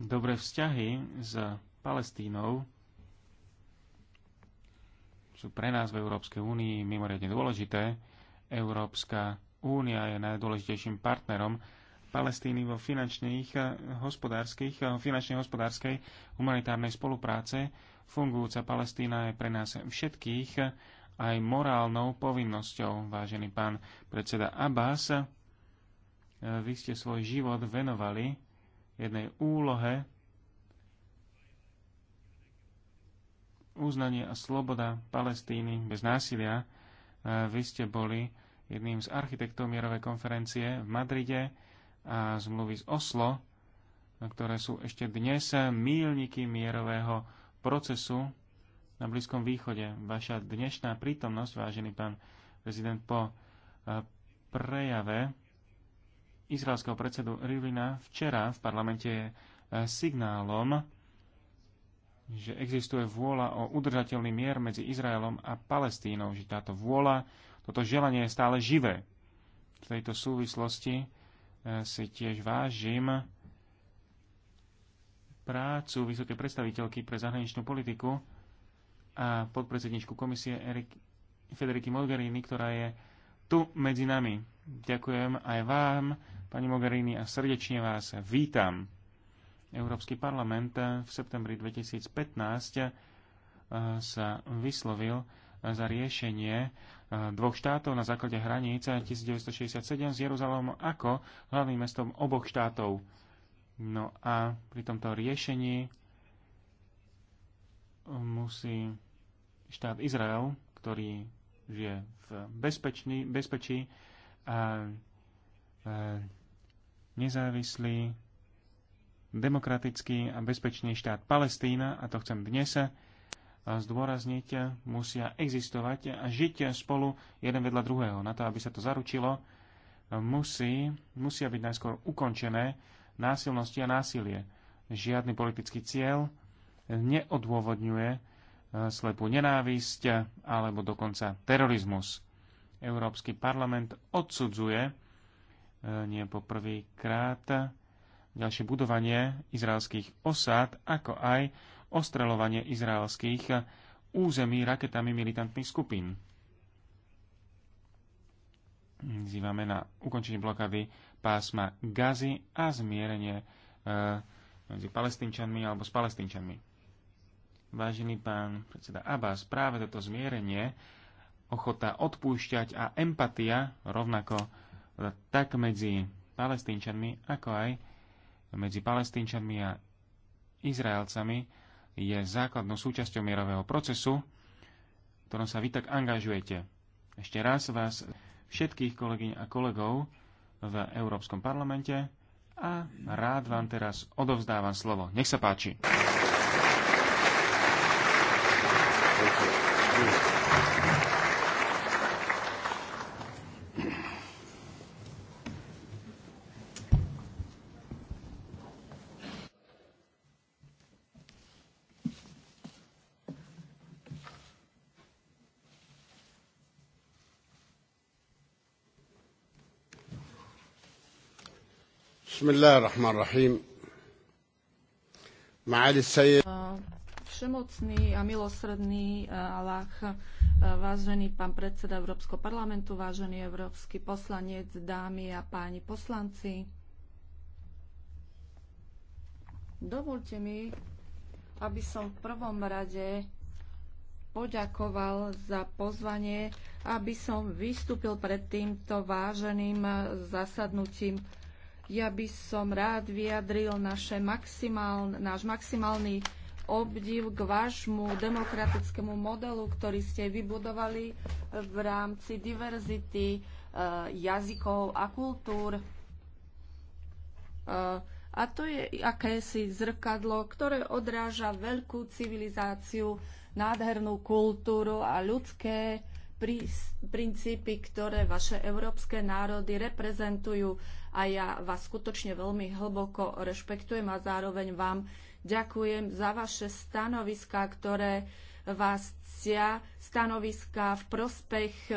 Dobré vzťahy s Palestínou sú pre nás v Európskej únii mimoriadne dôležité. Európska únia je najdôležitejším partnerom Palestíny vo finančných, hospodárskych, finančnej, hospodárskej, humanitárnej spolupráce. Fungujúca Palestína je pre nás všetkých aj morálnou povinnosťou, vážený pán predseda Abbas. Vy ste svoj život venovali jednej úlohe uznanie a sloboda Palestíny bez násilia. E, vy ste boli jedným z architektov mierovej konferencie v Madride a zmluvy z Oslo, ktoré sú ešte dnes mílniky mierového procesu na Blízkom východe. Vaša dnešná prítomnosť, vážený pán prezident, po e, prejave izraelského predsedu Rivlina včera v parlamente je signálom, že existuje vôľa o udržateľný mier medzi Izraelom a Palestínou, že táto vôľa, toto želanie je stále živé. V tejto súvislosti eh, si tiež vážim prácu vysokej predstaviteľky pre zahraničnú politiku a podpredsedničku komisie Erik, Federiky Mogherini, ktorá je tu medzi nami. Ďakujem aj vám Pani Mogherini, a srdečne vás vítam. Európsky parlament v septembri 2015 eh, sa vyslovil eh, za riešenie eh, dvoch štátov na základe hranice 1967 s Jeruzalom ako hlavným mestom oboch štátov. No a pri tomto riešení musí štát Izrael, ktorý žije v bezpečný, bezpečí a, a nezávislý, demokratický a bezpečný štát Palestína, a to chcem dnes eh, zdôrazniť, eh, musia existovať a žiť eh, spolu jeden vedľa druhého. Na to, aby sa to zaručilo, musí, musia byť najskôr ukončené násilnosti a násilie. Žiadny politický cieľ neodôvodňuje slepú nenávisť alebo dokonca terorizmus. Európsky parlament odsudzuje E, nie po prvý krát ďalšie budovanie izraelských osád, ako aj ostreľovanie izraelských území raketami militantných skupín. Zývame na ukončenie blokady pásma Gazy a zmierenie e, medzi palestínčanmi alebo s palestínčanmi. Vážený pán predseda Abbas, práve toto zmierenie, ochota odpúšťať a empatia rovnako tak medzi palestínčanmi, ako aj medzi palestínčanmi a Izraelcami je základnou súčasťou mierového procesu, v ktorom sa vy tak angažujete. Ešte raz vás všetkých kolegyň a kolegov v Európskom parlamente a rád vám teraz odovzdávam slovo. Nech sa páči. الله الرحمن الرحيم معالي السيد Všemocný a milosredný, Allah, vážený pán predseda Európskeho parlamentu, vážený európsky poslanec, dámy a páni poslanci. Dovolte mi, aby som v prvom rade poďakoval za pozvanie, aby som vystúpil pred týmto váženým zasadnutím ja by som rád vyjadril naše maximál, náš maximálny obdiv k vášmu demokratickému modelu, ktorý ste vybudovali v rámci diverzity uh, jazykov a kultúr. Uh, a to je akési zrkadlo, ktoré odráža veľkú civilizáciu, nádhernú kultúru a ľudské princípy, ktoré vaše európske národy reprezentujú a ja vás skutočne veľmi hlboko rešpektujem a zároveň vám ďakujem za vaše stanoviská, ktoré vás cia stanoviská v prospech e,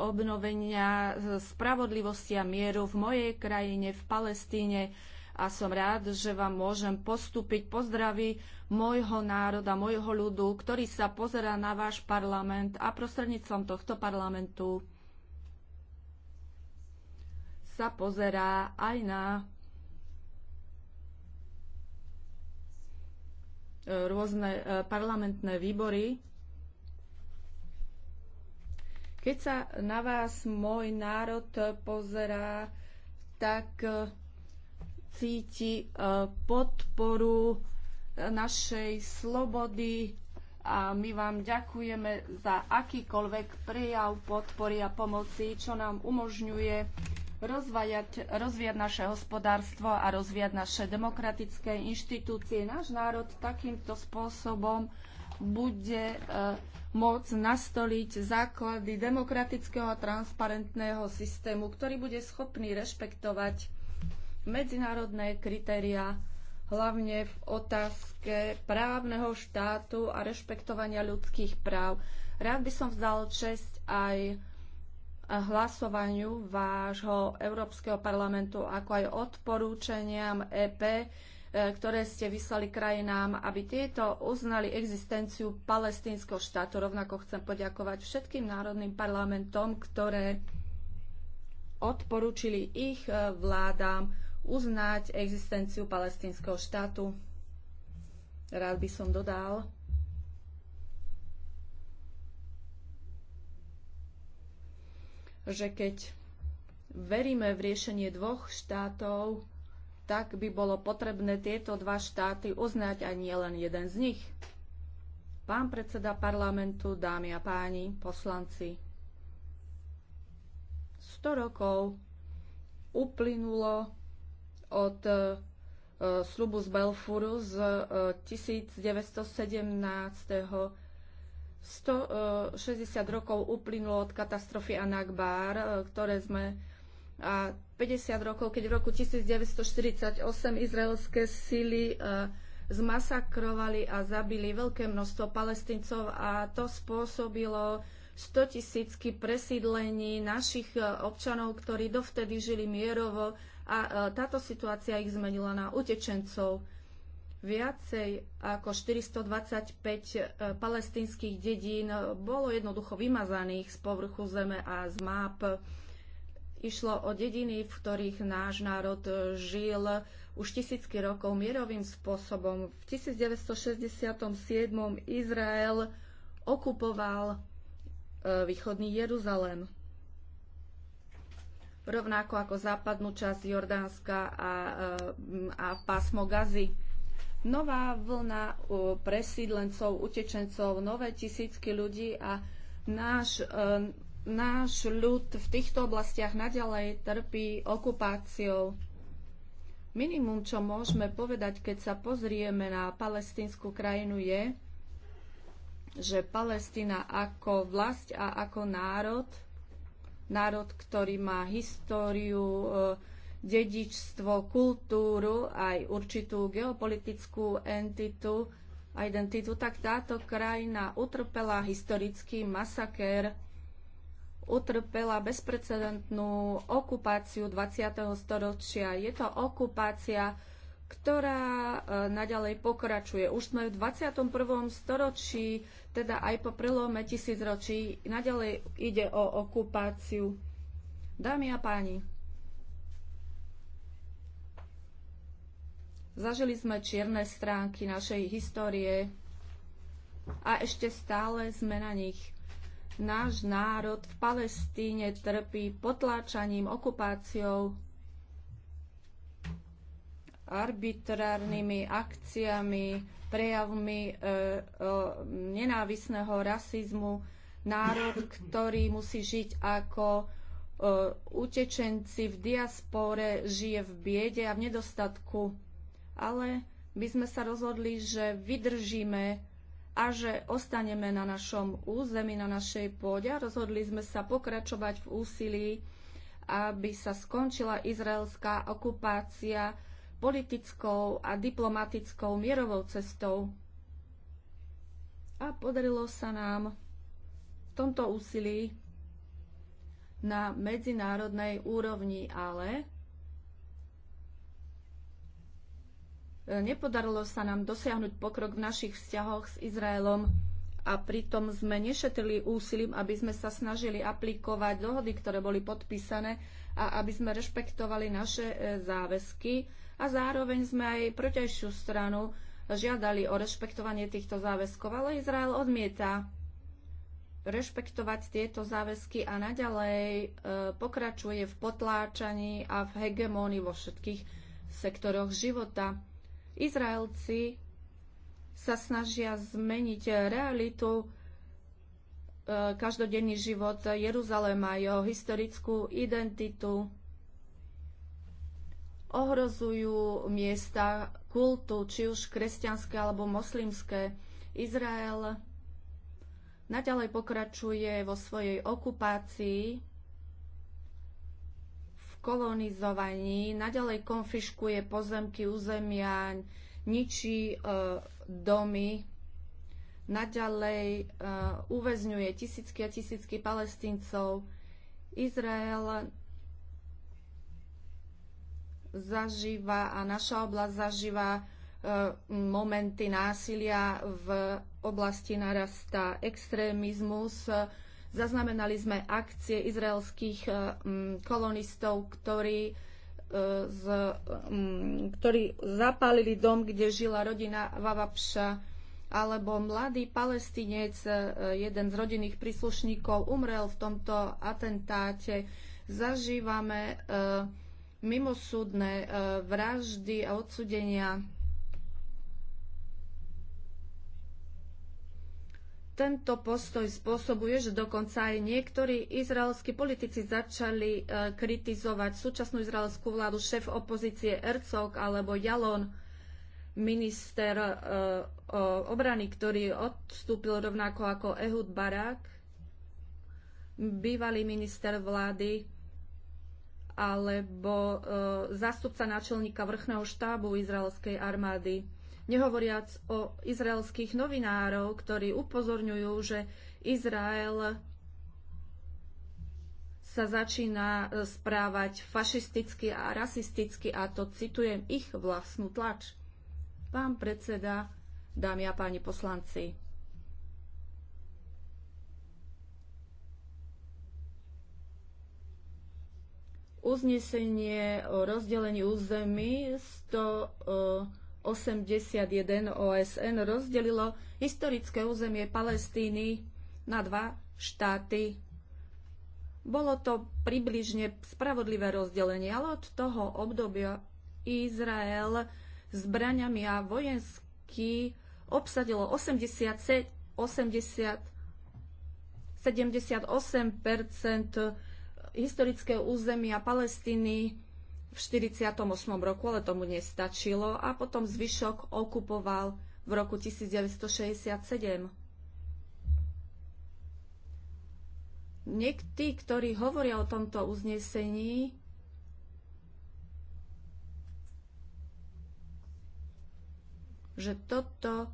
obnovenia spravodlivosti a mieru v mojej krajine, v Palestíne a som rád, že vám môžem postúpiť pozdravy môjho národa, môjho ľudu, ktorý sa pozera na váš parlament a prostredníctvom tohto parlamentu sa pozerá aj na e, rôzne e, parlamentné výbory. Keď sa na vás môj národ pozerá, tak e, cíti e, podporu e, našej slobody a my vám ďakujeme za akýkoľvek prejav podpory a pomoci, čo nám umožňuje rozvajať, rozvíjať naše hospodárstvo a rozvíjať naše demokratické inštitúcie. Náš národ takýmto spôsobom bude e, môcť nastoliť základy demokratického a transparentného systému, ktorý bude schopný rešpektovať medzinárodné kritéria, hlavne v otázke právneho štátu a rešpektovania ľudských práv. Rád by som vzdal česť aj hlasovaniu vášho Európskeho parlamentu, ako aj odporúčaniam EP, e, ktoré ste vyslali krajinám, aby tieto uznali existenciu palestínskeho štátu. Rovnako chcem poďakovať všetkým národným parlamentom, ktoré odporúčili ich e, vládám uznať existenciu palestinského štátu. Rád by som dodal, že keď veríme v riešenie dvoch štátov, tak by bolo potrebné tieto dva štáty uznať a nie len jeden z nich. Pán predseda parlamentu, dámy a páni, poslanci, 100 rokov uplynulo od e, e, slubu z Belfuru z 1917. E, 160 rokov uplynulo od katastrofy Anakbar, ktoré sme a 50 rokov, keď v roku 1948 izraelské sily zmasakrovali a zabili veľké množstvo palestincov a to spôsobilo 100 tisícky presídlení našich občanov, ktorí dovtedy žili mierovo a e, táto situácia ich zmenila na utečencov. Viacej ako 425 e, palestínskych dedín e, bolo jednoducho vymazaných z povrchu zeme a z máp. Išlo o dediny, v ktorých náš národ žil už tisícky rokov mierovým spôsobom. V 1967 Izrael okupoval východný Jeruzalém rovnako ako západnú časť Jordánska a, e, a pásmo Gazy. Nová vlna presídlencov, utečencov, nové tisícky ľudí a náš, e, náš ľud v týchto oblastiach naďalej trpí okupáciou. Minimum, čo môžeme povedať, keď sa pozrieme na palestínsku krajinu, je, že Palestína ako vlast a ako národ – národ, ktorý má históriu, e, dedičstvo, kultúru, aj určitú geopolitickú entitu identitu, tak táto krajina utrpela historický masakér, utrpela bezprecedentnú okupáciu 20. storočia. Je to okupácia, ktorá e, naďalej pokračuje. Už sme v 21. storočí, teda aj po prelome tisícročí. Naďalej ide o okupáciu. Dámy a páni, zažili sme čierne stránky našej histórie a ešte stále sme na nich. Náš národ v Palestíne trpí potláčaním, okupáciou, arbitrárnymi akciami, prejavmi e, e, nenávisného rasizmu národ, ktorý musí žiť ako e, utečenci v diaspore, žije v biede a v nedostatku. Ale by sme sa rozhodli, že vydržíme a že ostaneme na našom území, na našej pôde. A rozhodli sme sa pokračovať v úsilí, aby sa skončila izraelská okupácia politickou a diplomatickou mierovou cestou. A podarilo sa nám v tomto úsilí na medzinárodnej úrovni, ale nepodarilo sa nám dosiahnuť pokrok v našich vzťahoch s Izraelom a pritom sme nešetrili úsilím, aby sme sa snažili aplikovať dohody, ktoré boli podpísané a aby sme rešpektovali naše e, záväzky a zároveň sme aj protejšiu stranu žiadali o rešpektovanie týchto záväzkov, ale Izrael odmieta rešpektovať tieto záväzky a naďalej e, pokračuje v potláčaní a v hegemónii vo všetkých sektoroch života. Izraelci sa snažia zmeniť realitu, e, každodenný život Jeruzalema, jeho historickú identitu, ohrozujú miesta kultu, či už kresťanské alebo moslimské. Izrael naďalej pokračuje vo svojej okupácii, v kolonizovaní, naďalej konfiškuje pozemky, územia, ničí e, domy, naďalej e, uväzňuje tisícky a tisícky palestíncov. Izrael zažíva a naša oblasť zažíva e, momenty násilia v oblasti narasta extrémizmus. Zaznamenali sme akcie izraelských e, kolonistov, ktorí, e, z, ktorí zapálili dom, kde žila rodina Vavapša, alebo mladý palestinec, jeden z rodinných príslušníkov, umrel v tomto atentáte. Zažívame uh, mimosúdne e, vraždy a odsudenia. Tento postoj spôsobuje, že dokonca aj niektorí izraelskí politici začali e, kritizovať súčasnú izraelskú vládu šéf opozície Ercog alebo Jalon, minister e, obrany, ktorý odstúpil rovnako ako Ehud Barak, bývalý minister vlády alebo e, zástupca náčelníka vrchného štábu izraelskej armády. Nehovoriac o izraelských novinárov, ktorí upozorňujú, že Izrael sa začína e, správať fašisticky a rasisticky a to citujem ich vlastnú tlač. Pán predseda, dámy a páni poslanci, uznesenie o rozdelení území 181 eh, OSN rozdelilo historické územie Palestíny na dva štáty. Bolo to približne spravodlivé rozdelenie, ale od toho obdobia Izrael zbraňami a vojensky obsadilo 80, 80 78 historického územia Palestíny v 48. roku, ale tomu nestačilo, a potom zvyšok okupoval v roku 1967. Niekti, ktorí hovoria o tomto uznesení, že toto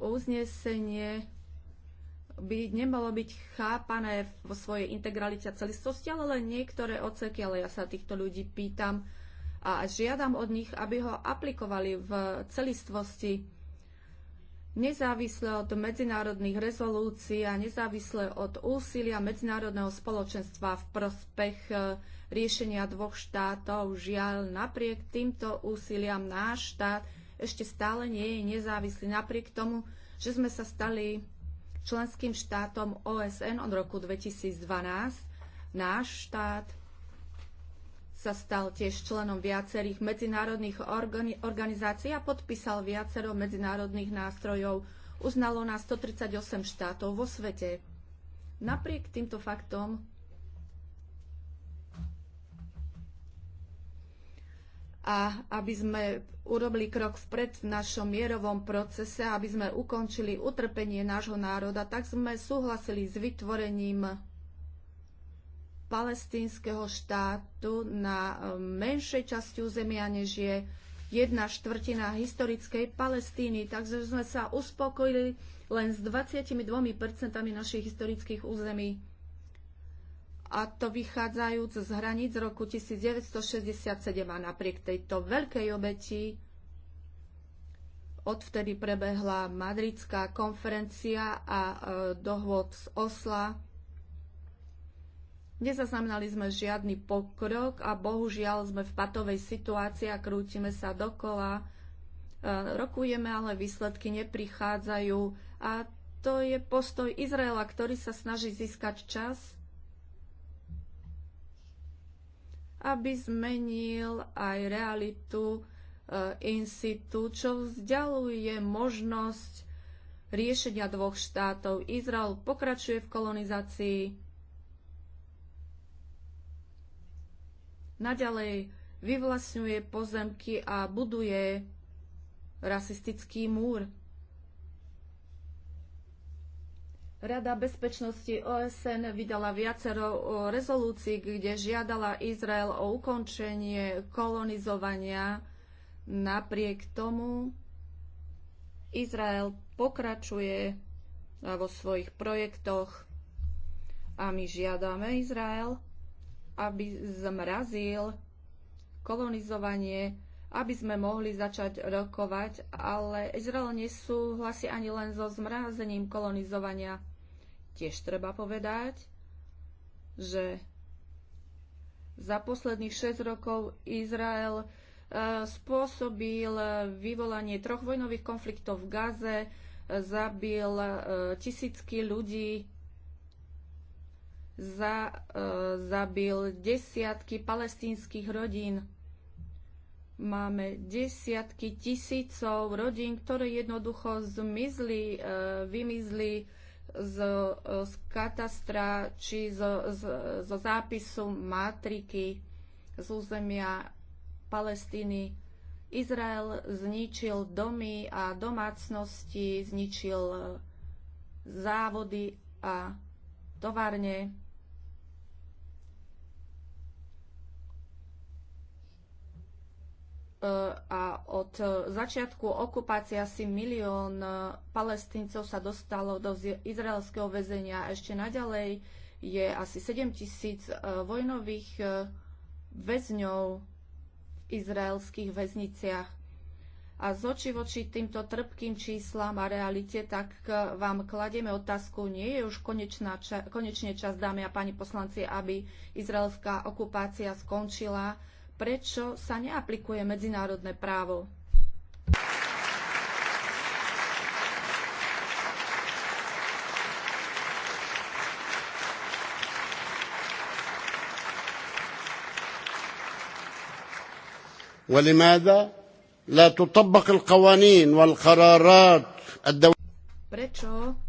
uznesenie by nemalo byť chápané vo svojej integralite a celistosti, ale len niektoré odseky, ale ja sa týchto ľudí pýtam a žiadam od nich, aby ho aplikovali v celistvosti nezávisle od medzinárodných rezolúcií a nezávisle od úsilia medzinárodného spoločenstva v prospech e, riešenia dvoch štátov. Žiaľ, napriek týmto úsiliam náš štát ešte stále nie je nezávislý. Napriek tomu, že sme sa stali členským štátom OSN od roku 2012. Náš štát sa stal tiež členom viacerých medzinárodných organizácií a podpísal viacero medzinárodných nástrojov. Uznalo nás 138 štátov vo svete. Napriek týmto faktom a aby sme urobili krok vpred v našom mierovom procese, aby sme ukončili utrpenie nášho národa, tak sme súhlasili s vytvorením palestínskeho štátu na um, menšej časti územia, než je jedna štvrtina historickej Palestíny. Takže sme sa uspokojili len s 22% našich historických území a to vychádzajúc z hraníc roku 1967 a napriek tejto veľkej obeti odvtedy prebehla madridská konferencia a e, dohôd z Osla. Nezaznamenali sme žiadny pokrok a bohužiaľ sme v patovej situácii a krútime sa dokola. E, rokujeme, ale výsledky neprichádzajú a to je postoj Izraela, ktorý sa snaží získať čas aby zmenil aj realitu e, in situ, čo vzdialuje možnosť riešenia dvoch štátov. Izrael pokračuje v kolonizácii. Naďalej vyvlastňuje pozemky a buduje rasistický múr. Rada bezpečnosti OSN vydala viacero rezolúcií, kde žiadala Izrael o ukončenie kolonizovania. Napriek tomu Izrael pokračuje vo svojich projektoch a my žiadame Izrael, aby zmrazil kolonizovanie, aby sme mohli začať rokovať, ale Izrael nesúhlasí ani len so zmrazením kolonizovania tiež treba povedať, že za posledných 6 rokov Izrael e, spôsobil vyvolanie troch vojnových konfliktov v Gaze, e, zabil e, tisícky ľudí, za, zabil desiatky palestínskych rodín. Máme desiatky tisícov rodín, ktoré jednoducho zmizli, vymizli z, e, z katastra či zo, z, zo zápisu matriky z územia Palestíny. Izrael zničil domy a domácnosti, zničil e, závody a továrne. Eh, a od začiatku okupácie asi milión eh, palestíncov sa dostalo do izraelského väzenia a ešte naďalej je asi 7 tisíc eh, vojnových väzňov v izraelských väzniciach. A z oči voči týmto trpkým číslam a realite, tak vám kladieme otázku, nie je už konečná ča- konečne čas, dámy a páni poslanci, aby izraelská okupácia skončila, prečo sa neaplikuje medzinárodné právo. ولماذا لا تطبق القوانين والقرارات الدولية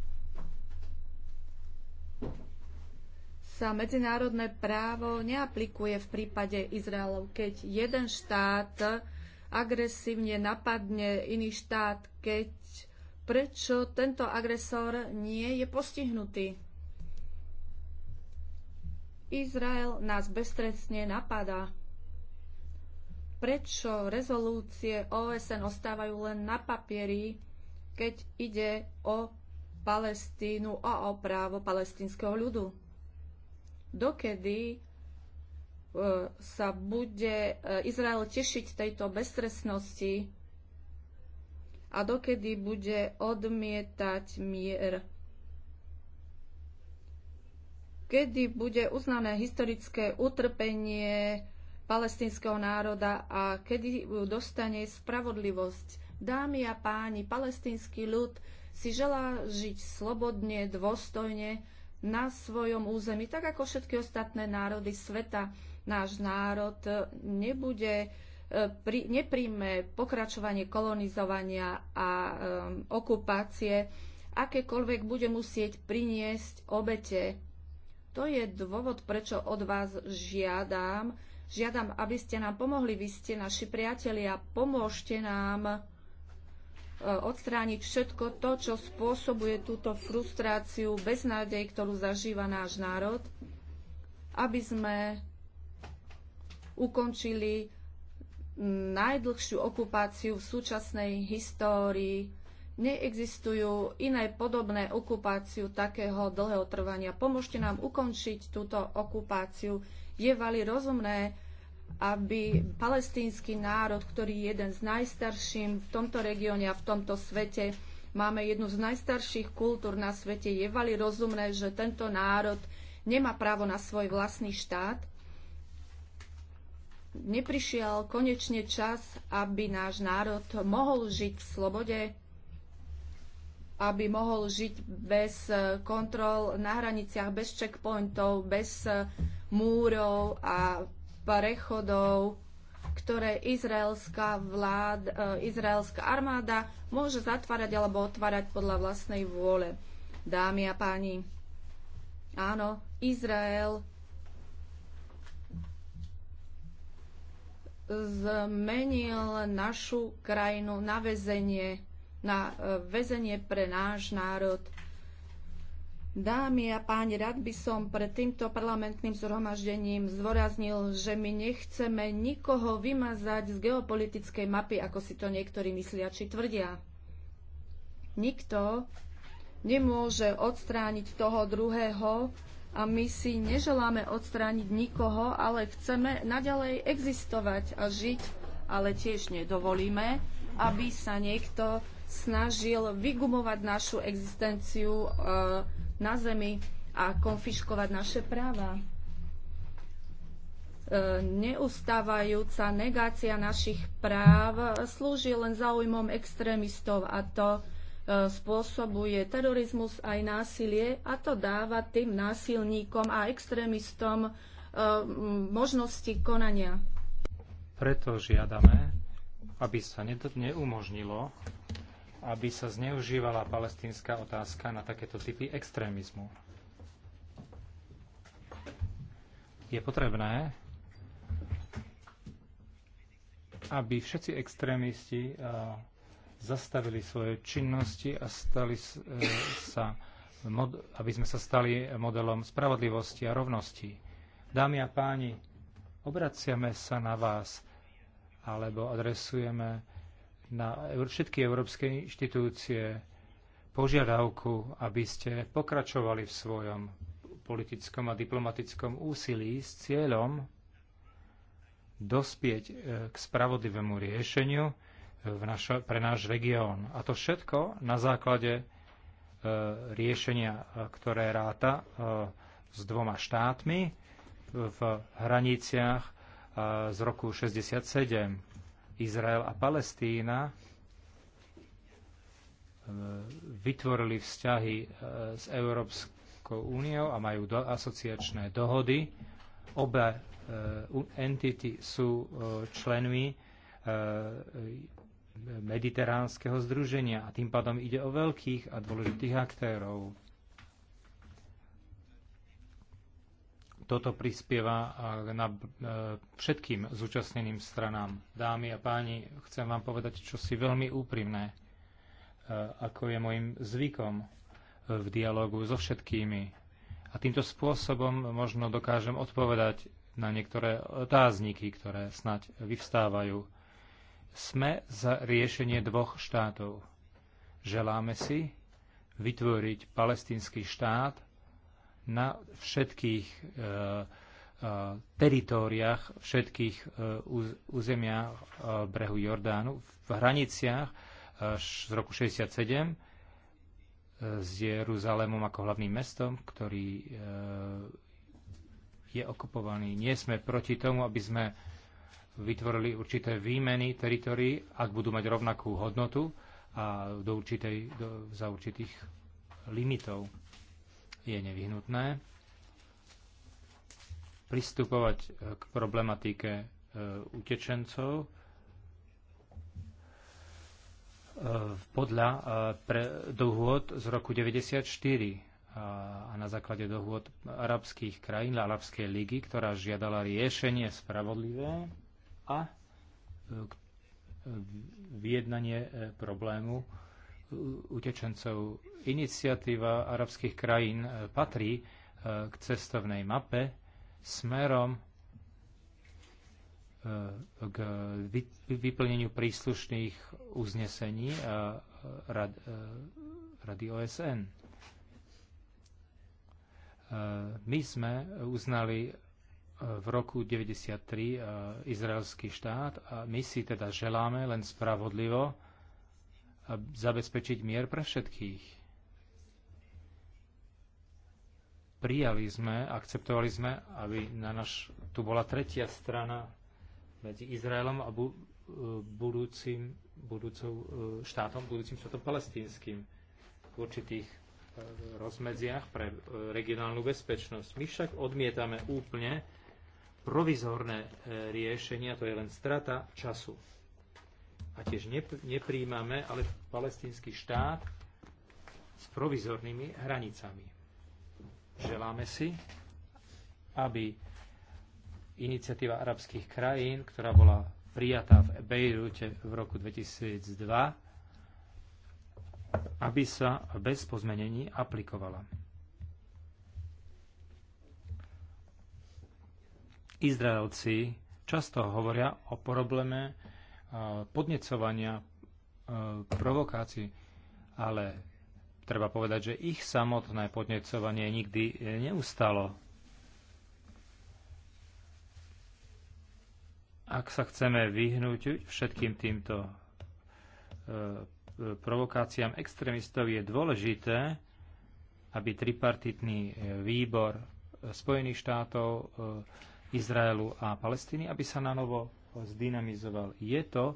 sa medzinárodné právo neaplikuje v prípade Izraelov, keď jeden štát agresívne napadne iný štát, keď prečo tento agresor nie je postihnutý. Izrael nás beztrestne napadá. Prečo rezolúcie OSN ostávajú len na papieri, keď ide o Palestínu a o právo palestínskeho ľudu? dokedy e, sa bude e, Izrael tešiť tejto beztresnosti a dokedy bude odmietať mier. Kedy bude uznané historické utrpenie palestinského národa a kedy dostane spravodlivosť. Dámy a páni, palestinský ľud si želá žiť slobodne, dôstojne, na svojom území, tak ako všetky ostatné národy sveta. Náš národ e, nebude e, pri, nepríjme pokračovanie kolonizovania a um, okupácie, akékoľvek bude musieť priniesť obete. To je dôvod, prečo od vás žiadam. Žiadam, aby ste nám pomohli. Vy ste naši priatelia. Pomôžte nám E, odstrániť všetko to, čo spôsobuje túto frustráciu, beznádej, ktorú zažíva náš národ, aby sme ukončili najdlhšiu okupáciu v súčasnej histórii. Neexistujú iné podobné okupáciu takého dlhého trvania. Pomôžte nám ukončiť túto okupáciu. Je vali rozumné aby palestínsky národ, ktorý je jeden z najstarším v tomto regióne a v tomto svete, máme jednu z najstarších kultúr na svete, je vali rozumné, že tento národ nemá právo na svoj vlastný štát. Neprišiel konečne čas, aby náš národ mohol žiť v slobode, aby mohol žiť bez eh, kontrol na hraniciach, bez checkpointov, bez eh, múrov a prechodov, ktoré izraelská, vlád, e, izraelská armáda môže zatvárať alebo otvárať podľa vlastnej vôle. Dámy a páni, áno, Izrael zmenil našu krajinu na väzenie, na e, väzenie pre náš národ – Dámy a páni, rád by som pred týmto parlamentným zhromaždením zdôraznil, že my nechceme nikoho vymazať z geopolitickej mapy, ako si to niektorí myslia či tvrdia. Nikto nemôže odstrániť toho druhého a my si neželáme odstrániť nikoho, ale chceme naďalej existovať a žiť, ale tiež nedovolíme, aby sa niekto snažil vygumovať našu existenciu e, na zemi a konfiškovať naše práva. E, neustávajúca negácia našich práv slúži len záujmom extrémistov a to e, spôsobuje terorizmus aj násilie a to dáva tým násilníkom a extrémistom e, možnosti konania. Preto žiadame, aby sa neumožnilo aby sa zneužívala palestínska otázka na takéto typy extrémizmu. Je potrebné, aby všetci extrémisti eh, zastavili svoje činnosti a stali eh, sa, aby sme sa stali modelom spravodlivosti a rovnosti. Dámy a páni, obraciame sa na vás alebo adresujeme na všetky európske inštitúcie požiadavku, aby ste pokračovali v svojom politickom a diplomatickom úsilí s cieľom dospieť e, k spravodlivému riešeniu e, v našo, pre náš región. A to všetko na základe e, riešenia, e, ktoré ráta e, s dvoma štátmi v hraniciach e, z roku 67. Izrael a Palestína e, vytvorili vzťahy e, s Európskou úniou a majú do, asociačné dohody. Obe entity sú e, členmi mediteránskeho združenia a tým pádom ide o veľkých a dôležitých aktérov. Toto prispieva na e, všetkým zúčastneným stranám. Dámy a páni, chcem vám povedať čo si veľmi úprimné, e, ako je môjim zvykom v dialogu so všetkými. A týmto spôsobom možno dokážem odpovedať na niektoré otázniky, ktoré snať vyvstávajú. Sme za riešenie dvoch štátov. Želáme si vytvoriť palestínsky štát, na všetkých e, e, teritóriách, všetkých e, územiach brehu Jordánu, v hraniciach z roku 67 s Jeruzalémom ako hlavným mestom, ktorý je okupovaný. Nie sme proti tomu, aby sme vytvorili určité výmeny teritórií, ak budú mať rovnakú hodnotu a do určitej, do, za určitých limitov je nevyhnutné pristupovať e, k problematike e, utečencov e, podľa dohôd z roku 1994 a na základe dohôd arabských krajín, Arabskej ligy, ktorá žiadala riešenie spravodlivé a vyjednanie problému utečencov. Iniciatíva arabských krajín eh, patrí eh, k cestovnej mape smerom eh, k vyplneniu príslušných uznesení rad, Rady OSN. My sme uznali v roku 1993 izraelský štát a my si teda želáme len spravodlivo, a zabezpečiť mier pre všetkých. Prijali sme, akceptovali sme, aby na naš, tu bola tretia strana medzi Izraelom a bu, e, budúcim, budúcou e, štátom, budúcim štátom palestínskym v určitých e, rozmedziach pre regionálnu bezpečnosť. My však odmietame úplne provizorné riešenia, to je len strata času a tiež nepríjmame, ale palestínsky štát s provizornými hranicami. Želáme si, aby iniciatíva arabských krajín, ktorá bola prijatá v Bejrute v roku 2002, aby sa bez pozmenení aplikovala. Izraelci často hovoria o probléme podnecovania, provokácií, ale treba povedať, že ich samotné podnecovanie nikdy e, neustalo. Ak sa chceme vyhnúť všetkým týmto e, e, provokáciám extrémistov, je dôležité, aby tripartitný výbor Spojených štátov, Izraelu a Palestíny, aby sa na novo zdynamizoval. Je to e,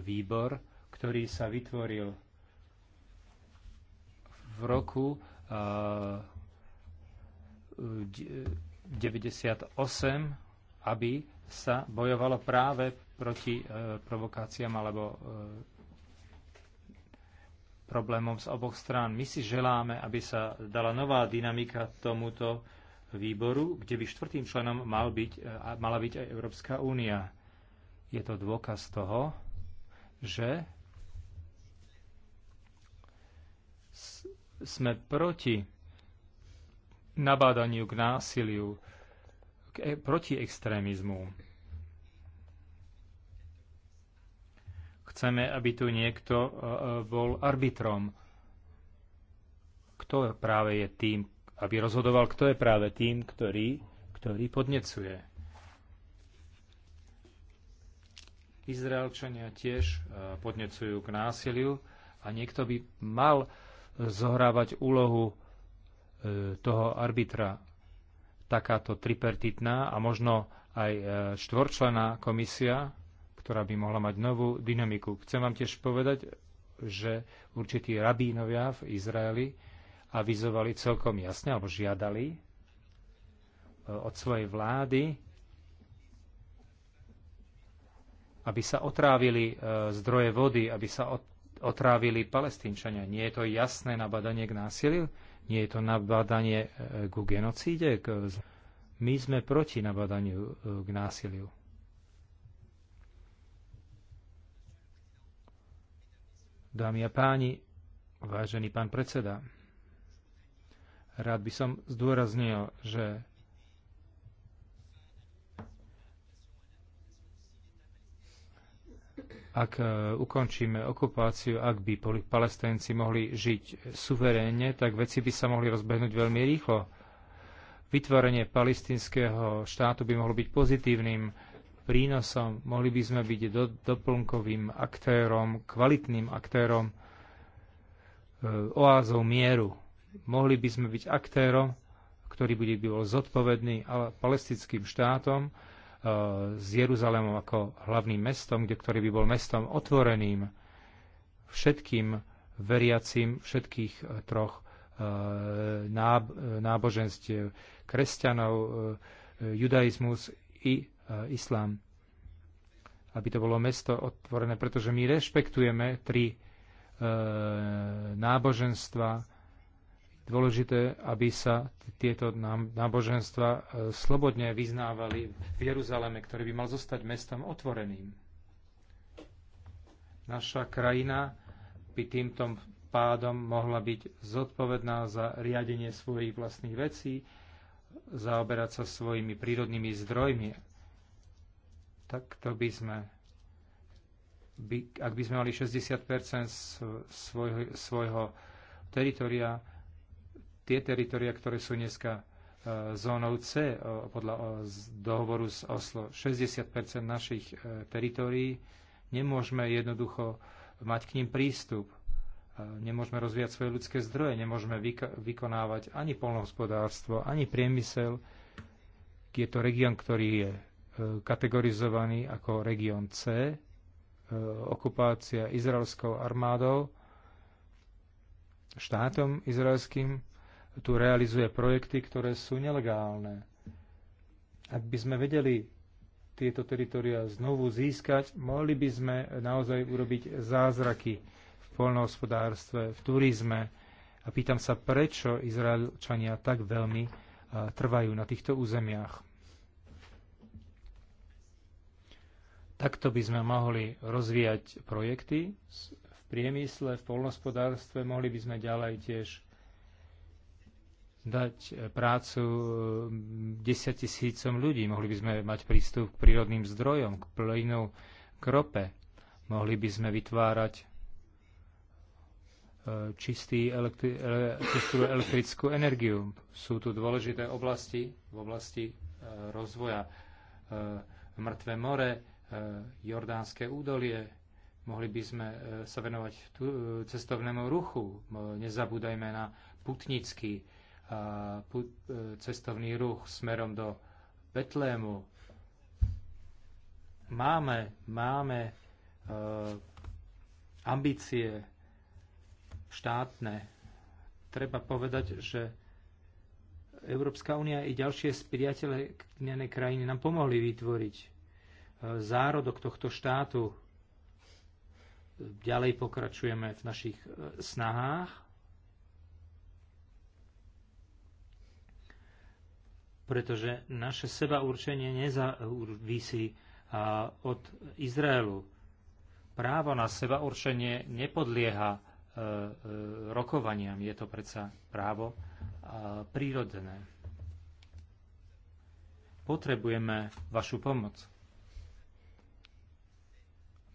výbor, ktorý sa vytvoril v roku 98, e, aby sa bojovalo práve proti e, provokáciám alebo problémom z oboch strán. My si želáme, aby sa dala nová dynamika tomuto výboru, kde by štvrtým členom mal byť, mala byť aj Európska únia. Je to dôkaz toho, že sme proti nabádaniu k násiliu, k, e- proti extrémizmu. Chceme, aby tu niekto e, e, bol arbitrom. Kto práve je tým, aby rozhodoval, kto je práve tým, ktorý, ktorý podnecuje. Izraelčania tiež e, podnecujú k násiliu a niekto by mal zohrávať úlohu e, toho arbitra takáto tripertitná a možno aj e, štvorčlená komisia, ktorá by mohla mať novú dynamiku. Chcem vám tiež povedať, že určití rabínovia v Izraeli avizovali celkom jasne, alebo žiadali od svojej vlády, aby sa otrávili e, zdroje vody, aby sa otrávili palestínčania. Nie je to jasné nabadanie k násiliu? Nie je to nabadanie e, ku genocíde? My sme proti nabadaniu e, k násiliu. Dámy a páni, vážený pán predseda, rád by som zdôraznil, že ak e, ukončíme okupáciu, ak by Palestinci mohli žiť suverénne, tak veci by sa mohli rozbehnúť veľmi rýchlo. Vytvorenie palestinského štátu by mohlo byť pozitívnym prínosom, mohli by sme byť do, doplnkovým aktérom, kvalitným aktérom, e, oázou mieru. Mohli by sme byť aktérom, ktorý bude bol zodpovedný palestinským štátom, s Jeruzalémom ako hlavným mestom, kde, ktorý by bol mestom otvoreným všetkým veriacim všetkých eh, troch eh, eh, náboženstiev, kresťanov, judaizmus i islám. Aby to bolo mesto otvorené, pretože my rešpektujeme tri náboženstva, dôležité, aby sa tieto náboženstva e, slobodne vyznávali v Jeruzaleme, ktorý by mal zostať mestom otvoreným. Naša krajina by týmto pádom mohla byť zodpovedná za riadenie svojich vlastných vecí, zaoberať sa svojimi prírodnými zdrojmi. to by sme by, ak by sme mali 60 svojho, svojho teritoria, tie teritoria, ktoré sú dneska e, zónou C podľa dohovoru z Oslo. 60 našich e, teritórií nemôžeme jednoducho mať k ním prístup. E, nemôžeme rozvíjať svoje ľudské zdroje, nemôžeme vykonávať ani polnohospodárstvo, ani priemysel. Je to región, ktorý je kategorizovaný ako región C, okupácia izraelskou armádou, štátom izraelským tu realizuje projekty, ktoré sú nelegálne. Ak by sme vedeli tieto teritoria znovu získať, mohli by sme naozaj urobiť zázraky v poľnohospodárstve, v turizme. A pýtam sa, prečo Izraelčania tak veľmi trvajú na týchto územiach. Takto by sme mohli rozvíjať projekty v priemysle, v polnospodárstve, mohli by sme ďalej tiež dať eh, prácu 10 mm, tisícom ľudí. Mohli by sme mať prístup k prírodným zdrojom, k plynu, k rope. Mohli by sme vytvárať eh, čistý elektri- čistú elektrickú energiu. Sú tu dôležité oblasti v oblasti eh, rozvoja. Mŕtve more, Jordánske údolie, mohli by sme sa venovať cestovnému ruchu. Nezabúdajme na putnický E, cestovný ruch smerom do Betlému. Máme, máme e, ambície štátne. Treba povedať, že Európska únia i ďalšie spriateľné krajiny nám pomohli vytvoriť e, zárodok tohto štátu. Ďalej pokračujeme v našich snahách pretože naše seba určenie nezávisí od Izraelu. Právo na seba určenie nepodlieha e, e, rokovaniam. Je to predsa právo prírodzené. Potrebujeme vašu pomoc.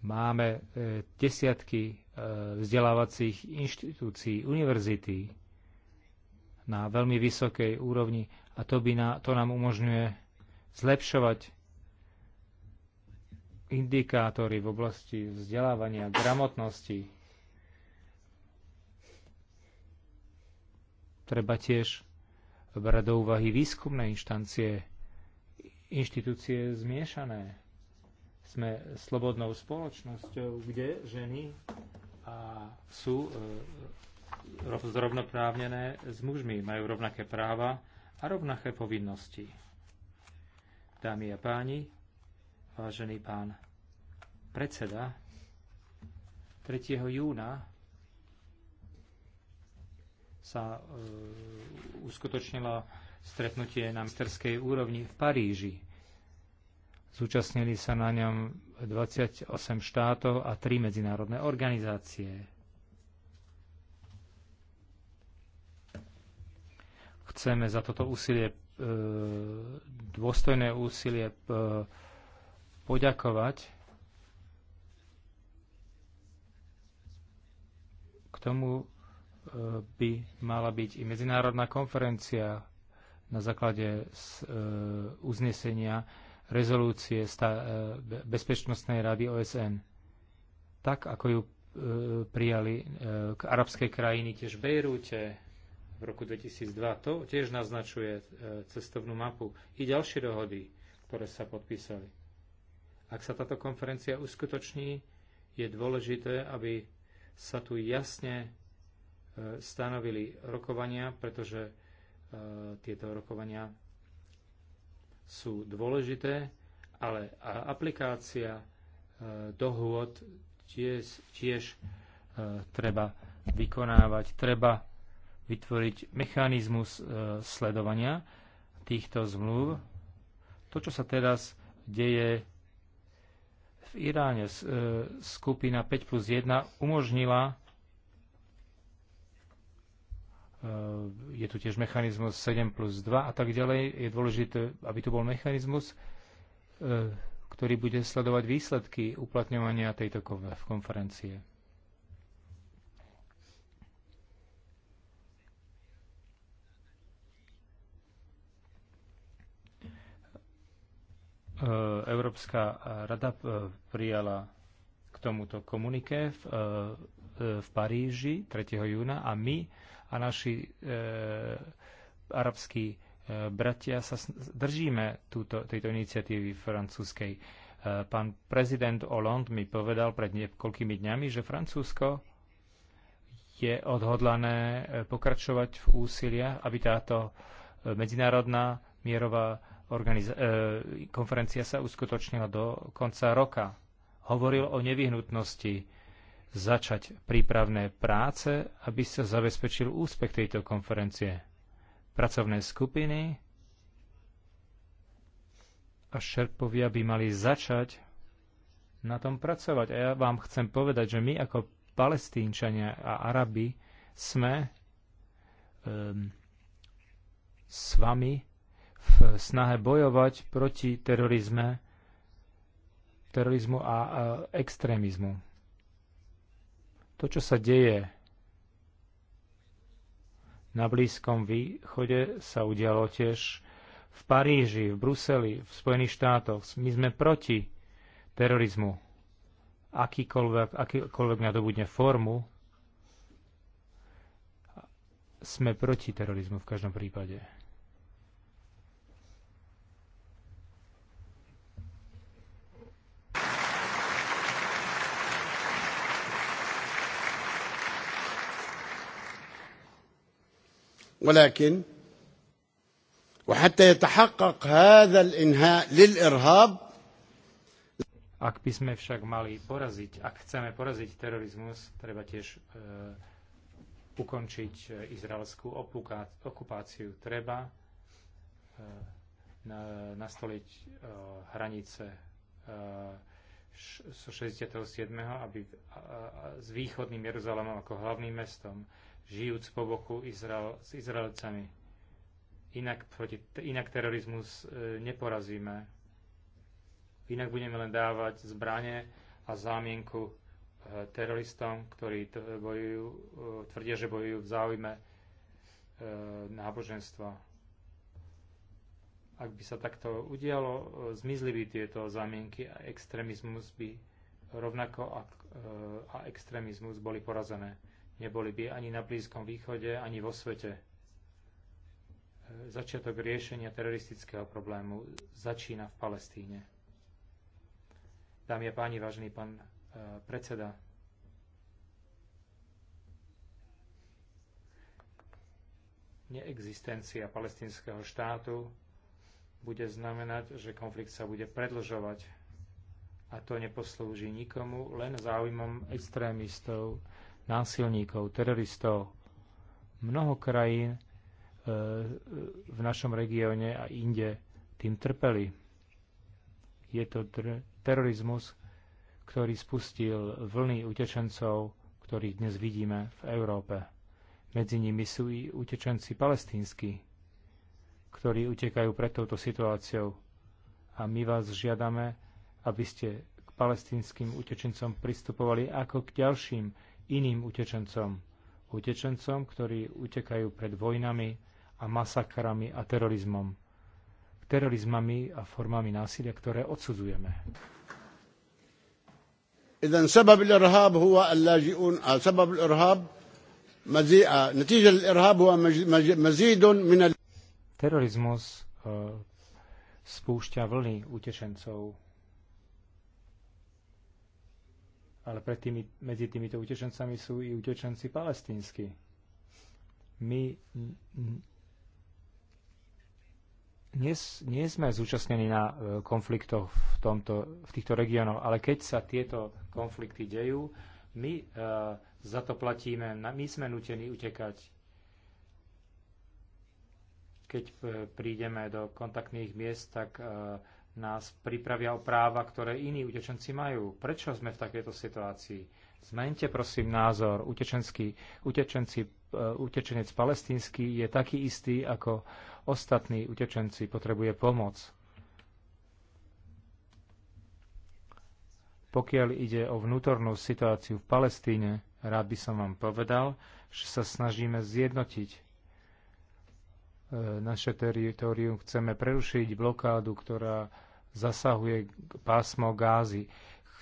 Máme e, desiatky vzdelávacích inštitúcií, univerzity na veľmi vysokej úrovni a to, by na, to nám umožňuje zlepšovať indikátory v oblasti vzdelávania, gramotnosti. Treba tiež brať do úvahy výskumné inštancie, inštitúcie zmiešané. Sme slobodnou spoločnosťou, kde ženy a sú e, zrovnoprávnené s mužmi, majú rovnaké práva, a rovnaké povinnosti. Dámy a páni, vážený pán predseda, 3. júna sa e, uskutočnilo stretnutie na ministerskej úrovni v Paríži. Zúčastnili sa na ňom 28 štátov a 3 medzinárodné organizácie. Chceme za toto úsilie, e, dôstojné úsilie e, poďakovať. K tomu e, by mala byť i medzinárodná konferencia na základe uznesenia rezolúcie Bezpečnostnej rady OSN. Tak, ako ju prijali k arabskej krajiny tiež v Bejrúte, v roku 2002. To tiež naznačuje e, cestovnú mapu i ďalšie dohody, ktoré sa podpísali. Ak sa táto konferencia uskutoční, je dôležité, aby sa tu jasne e, stanovili rokovania, pretože e, tieto rokovania sú dôležité, ale aplikácia dohôd tiež, tiež treba vykonávať, treba vytvoriť mechanizmus e, sledovania týchto zmluv. To, čo sa teraz deje v Iráne, e, skupina 5 plus 1 umožnila, e, je tu tiež mechanizmus 7 plus 2 a tak ďalej, je dôležité, aby tu bol mechanizmus, ktorý bude sledovať výsledky uplatňovania tejto konferencie. E, Európska rada e, prijala k tomuto komuniké v, e, v Paríži 3. júna a my a naši e, arabskí bratia sa držíme túto, tejto iniciatívy francúzskej. Pán prezident Hollande mi povedal pred niekoľkými dňami, že Francúzsko je odhodlané pokračovať v úsiliach, aby táto medzinárodná mierová organiz- e, konferencia sa uskutočnila do konca roka. Hovoril o nevyhnutnosti začať prípravné práce, aby sa zabezpečil úspech tejto konferencie. Pracovné skupiny a šerpovia by mali začať na tom pracovať. A ja vám chcem povedať, že my ako palestínčania a Arabi sme um, s vami v snahe bojovať proti terorizme, terorizmu a, extrémizmu. To, čo sa deje na Blízkom východe, sa udialo tiež v Paríži, v Bruseli, v Spojených štátoch. My sme proti terorizmu. Akýkoľvek, akýkoľvek nadobudne formu, sme proti terorizmu v každom prípade. ولكن وحتى يتحقق هذا الانهاء للارهاب Ak by sme však mali poraziť, ak chceme poraziť terorizmus, treba tiež e, ukončiť e, izraelskú opuka- okupáciu. Treba e, na, nastoliť e, hranice e, š, so 67., aby a, a, s východným Jeruzalémom ako hlavným mestom e, žijúc po boku Izrael, s Izraelcami. Inak, proti, inak terorizmus e, neporazíme. Inak budeme len dávať zbranie a zámienku e, teroristom, ktorí bojujú, e, tvrdia, že bojujú v záujme náboženstva ak by sa takto udialo, zmizli by tieto zámienky a extrémizmus by rovnako e, a extrémizmus boli porazené. Neboli by ani na Blízkom východe, ani vo svete. E, začiatok riešenia teroristického problému začína v Palestíne. Dámy a páni, vážený pán e, predseda, neexistencia palestinského štátu bude znamenať, že konflikt sa bude predlžovať. A to neposlúži nikomu, len záujmom extrémistov, násilníkov, teroristov. Mnoho krajín e, v našom regióne a inde tým trpeli. Je to terorizmus, ktorý spustil vlny utečencov, ktorých dnes vidíme v Európe. Medzi nimi sú i utečenci palestínsky, ktorí utekajú pred touto situáciou. A my vás žiadame, aby ste k palestínskym utečencom pristupovali ako k ďalším iným utečencom. Utečencom, ktorí utekajú pred vojnami a masakrami a terorizmom. Terorizmami a formami násilia, ktoré odsudzujeme. إذن سبب الإرهاب هو اللاجئون سبب الإرهاب مزيد نتيجة الإرهاب هو مزيد من Terorizmus سبوشتا eh, vlny utečencov ale pred tými, medzi týmito utečencami sú i utečenci palestínsky. My nie, nie sme zúčastnení na e, konfliktoch v, tomto, v týchto regiónoch, ale keď sa tieto konflikty dejú, my uh, za to platíme, my sme nutení utekať. Keď e, prídeme do kontaktných miest, tak uh, nás pripravia o práva, ktoré iní utečenci majú. Prečo sme v takejto situácii? Zmente prosím názor. Utečenský, utečenci, e, utečenec palestínsky je taký istý ako ostatní utečenci. Potrebuje pomoc. Pokiaľ ide o vnútornú situáciu v Palestíne, rád by som vám povedal, že sa snažíme zjednotiť naše teritorium, chceme prerušiť blokádu, ktorá zasahuje pásmo gázy.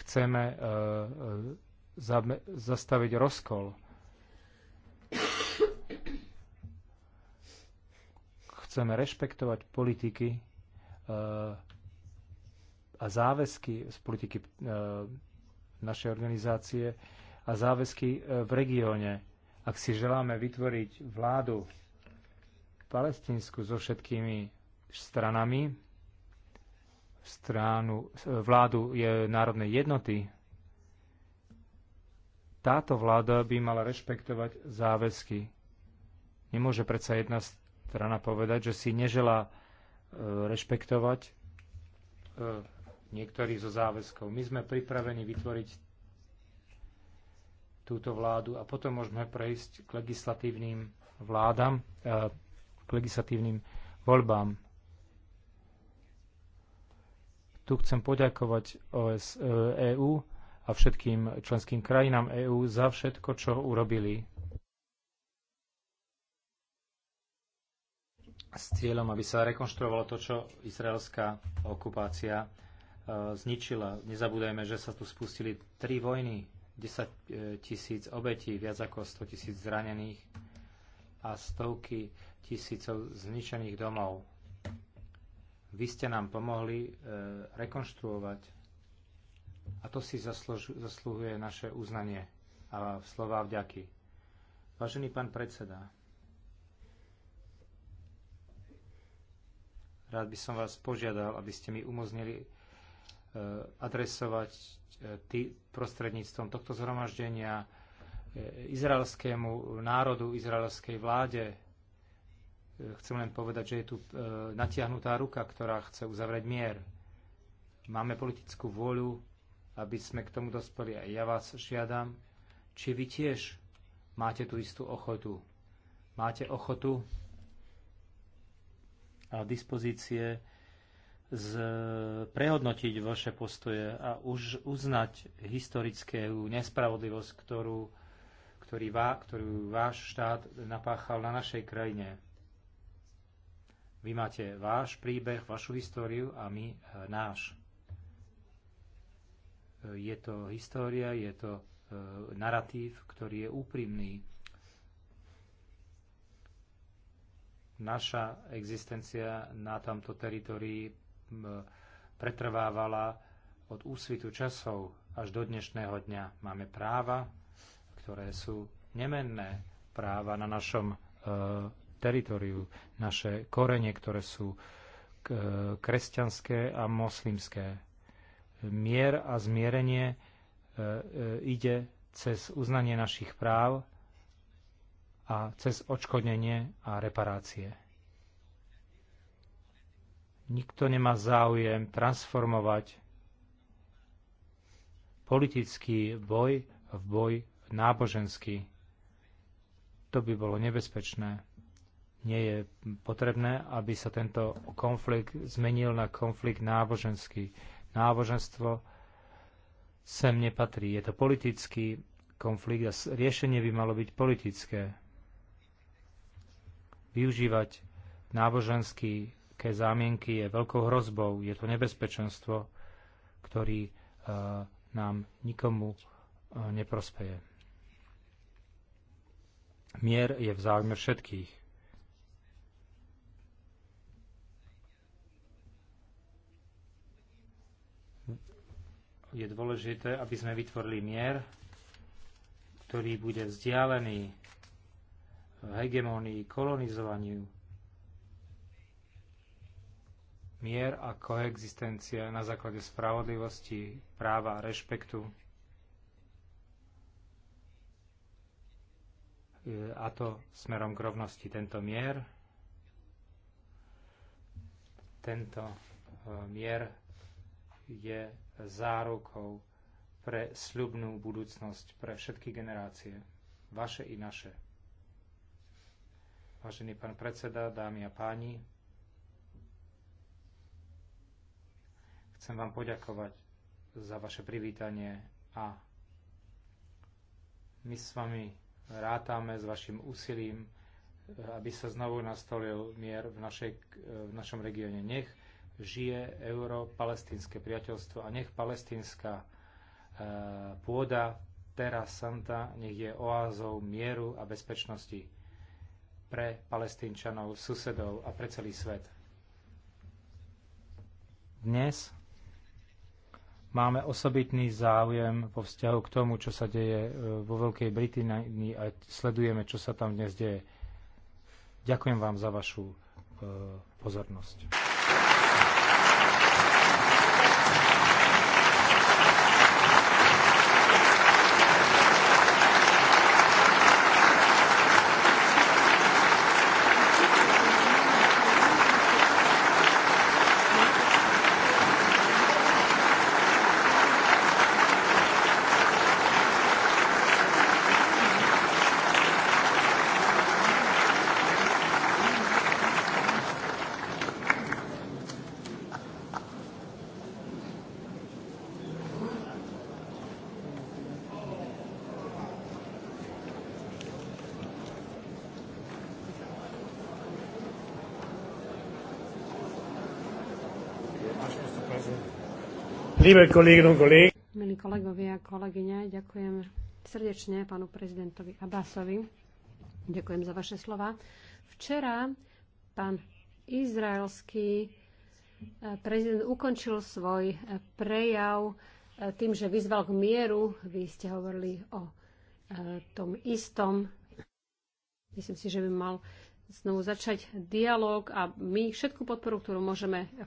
Chceme e, e, zastaviť rozkol. Chceme rešpektovať politiky e, a záväzky z politiky našej organizácie a záväzky v regióne. Ak si želáme vytvoriť vládu Palestínsku so všetkými stranami, stranu, vládu je národnej jednoty, táto vláda by mala rešpektovať záväzky. Nemôže predsa jedna strana povedať, že si neželá e, rešpektovať e, niektorých zo záväzkov. My sme pripravení vytvoriť túto vládu a potom môžeme prejsť k legislatívnym vládam, e, k legislatívnym voľbám. Tu chcem poďakovať OS, EU eh, e a všetkým členským krajinám EÚ za všetko, čo urobili s cieľom, aby sa rekonštruovalo to, čo izraelská okupácia eh, zničila. Nezabúdajme, že sa tu spustili tri vojny, 10 eh, tisíc obetí, viac ako 100 tisíc zranených a stovky tisícov zničených domov. Vy ste nám pomohli e, rekonštruovať a to si zasluž, zasluhuje naše uznanie a slová vďaky. Vážený pán predseda, rád by som vás požiadal, aby ste mi umožnili e, adresovať e, tý, prostredníctvom tohto zhromaždenia e, izraelskému národu, izraelskej vláde, Chcem len povedať, že je tu e, natiahnutá ruka, ktorá chce uzavrieť mier. Máme politickú vôľu, aby sme k tomu dospeli. A ja vás žiadam, či vy tiež máte tú istú ochotu. Máte ochotu a dispozície z, prehodnotiť vaše postoje a už uznať historickú nespravodlivosť, ktorú, ktorý vá, ktorú váš štát napáchal na našej krajine. Vy máte váš príbeh, vašu históriu a my e, náš. E, je to história, je to e, narratív, ktorý je úprimný. Naša existencia na tomto teritorii pretrvávala od úsvitu časov až do dnešného dňa. Máme práva, ktoré sú nemenné práva na našom teritoriu, naše korene, ktoré sú kresťanské a moslimské. Mier a zmierenie e, e, ide cez uznanie našich práv a cez odškodnenie a reparácie. Nikto nemá záujem transformovať politický boj v boj náboženský. To by bolo nebezpečné. Nie je potrebné, aby sa tento konflikt zmenil na konflikt náboženský. Náboženstvo sem nepatrí. Je to politický konflikt a riešenie by malo byť politické. Využívať náboženský ke zámienky je veľkou hrozbou, je to nebezpečenstvo, ktorý uh, nám nikomu uh, neprospeje. Mier je v záujme všetkých. je dôležité, aby sme vytvorili mier, ktorý bude vzdialený hegemonii kolonizovaniu. Mier a koexistencia na základe spravodlivosti, práva a rešpektu. A to smerom k rovnosti tento mier. Tento e, mier je zárukou pre sľubnú budúcnosť pre všetky generácie, vaše i naše. Vážený pán predseda, dámy a páni, chcem vám poďakovať za vaše privítanie a my s vami rátame s vašim úsilím, eh, aby sa znovu nastolil mier v, našej, eh, v našom regióne. Nech žije euro-palestínske priateľstvo a nech palestínska e, pôda Terra Santa nech je oázou mieru a bezpečnosti pre palestínčanov, susedov a pre celý svet. Dnes máme osobitný záujem vo vzťahu k tomu, čo sa deje e, vo Veľkej Británii a sledujeme, čo sa tam dnes deje. Ďakujem vám za vašu e, pozornosť. Liebe Kolleginnen und Kollegen. Milí kolegovia a kolegyne, ďakujem srdečne pánu prezidentovi Abbasovi. Ďakujem za vaše slova. Včera pán izraelský eh, prezident ukončil svoj eh, prejav eh, tým, že vyzval k mieru. Vy ste hovorili o tom istom. Myslím si, že by mal znovu začať dialog a my všetku podporu, ktorú môžeme e,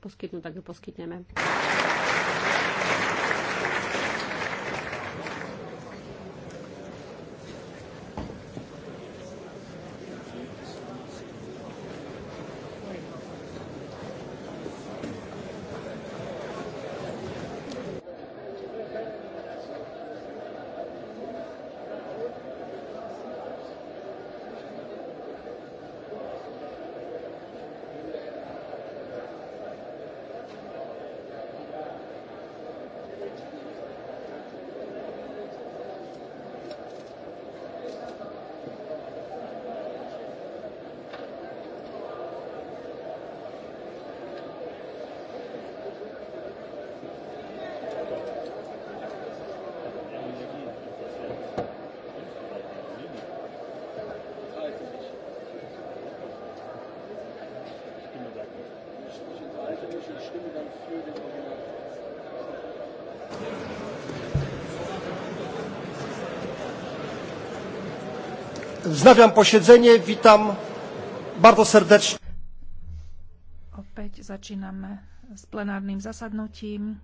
poskytnúť, tak ju poskytneme. Wznawiam posiedzenie. Witam bardzo serdecznie. Opäť začíname s plenárnym zasadnutím.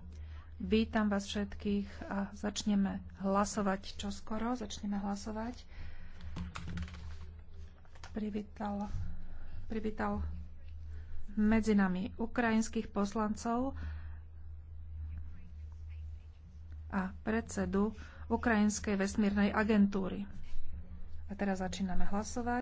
Vítam vás všetkých a začneme hlasovať čoskoro. Začneme hlasovať. Privítal, privítal medzi nami ukrajinských poslancov a predsedu Ukrajinskej vesmírnej agentúry. A teraz začíname hlasovať.